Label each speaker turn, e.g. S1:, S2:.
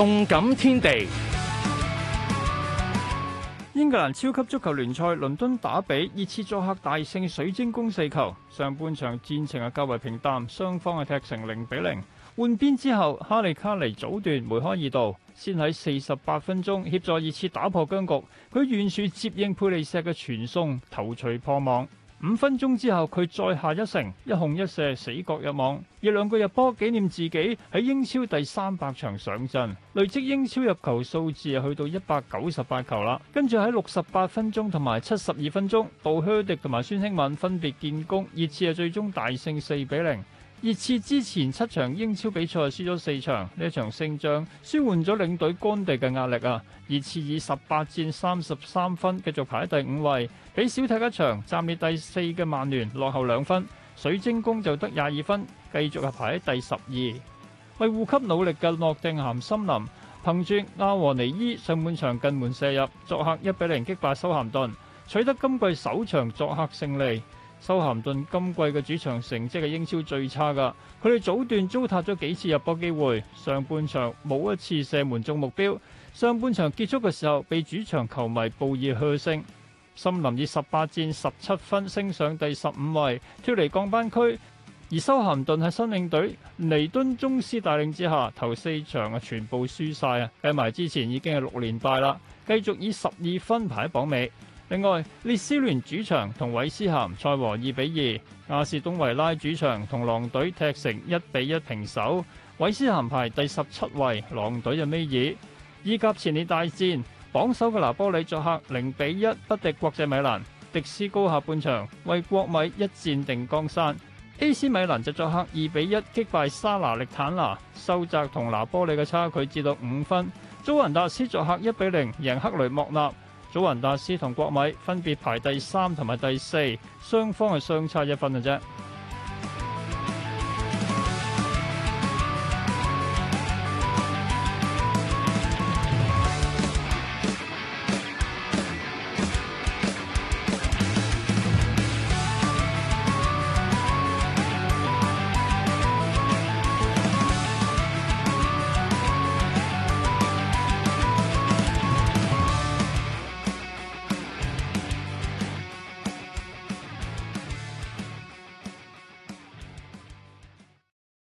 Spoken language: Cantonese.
S1: 動感天地，英格蘭超級足球聯賽倫敦打比熱刺作客大勝水晶宮四球。上半場戰情係較為平淡，雙方係踢成零比零。換邊之後，哈利卡尼早段梅開二度，先喺四十八分鐘協助熱刺打破僵局，佢遠處接應佩利石嘅傳送，頭槌破網。五分鐘之後，佢再下一城，一控一射，死角入網，以兩個入波紀念自己喺英超第三百場上陣，累積英超入球數字去到一百九十八球啦。跟住喺六十八分鐘同埋七十二分鐘，杜靴迪同埋孫興慜分別建功，熱刺係最終大勝四比零。熱刺之前七場英超比賽輸咗四場，呢場勝仗舒緩咗領隊干地嘅壓力啊！熱刺以十八戰三十三分繼續排喺第五位，比少踢一場暫列第四嘅曼聯落後兩分，水晶宮就得廿二分，繼續係排喺第十二。為護級努力嘅諾定咸森林，憑住阿和尼伊上半場近門射入，作客一比零擊敗修咸頓，取得今季首場作客勝利。修咸頓今季嘅主場成績係英超最差噶佢哋早段糟蹋咗幾次入波機會，上半場冇一次射門中目標，上半場結束嘅時候被主場球迷報以噓聲。森林以十八戰十七分升上第十五位，脫離降班區，而修咸頓喺新領隊尼敦宗斯帶領之下，頭四場啊全部輸晒啊，計埋之前已經係六連敗啦，繼續以十二分排榜尾。另外，列斯聯主場同韋斯咸賽和二比二；亞士東維拉主場同狼隊踢成一比一平手。韋斯咸排第十七位，狼隊就尾二。意甲前列大戰，榜首嘅拿波里作客零比一不敵國際米蘭；迪斯高下半場為國米一戰定江山。AC 米蘭就作客二比一擊敗沙拿力坦拿，收窄同拿波里嘅差距至到五分。祖雲達斯作客一比零贏克雷莫納。祖雲達斯同國米分別排第三同埋第四，雙方係相差一分嘅啫。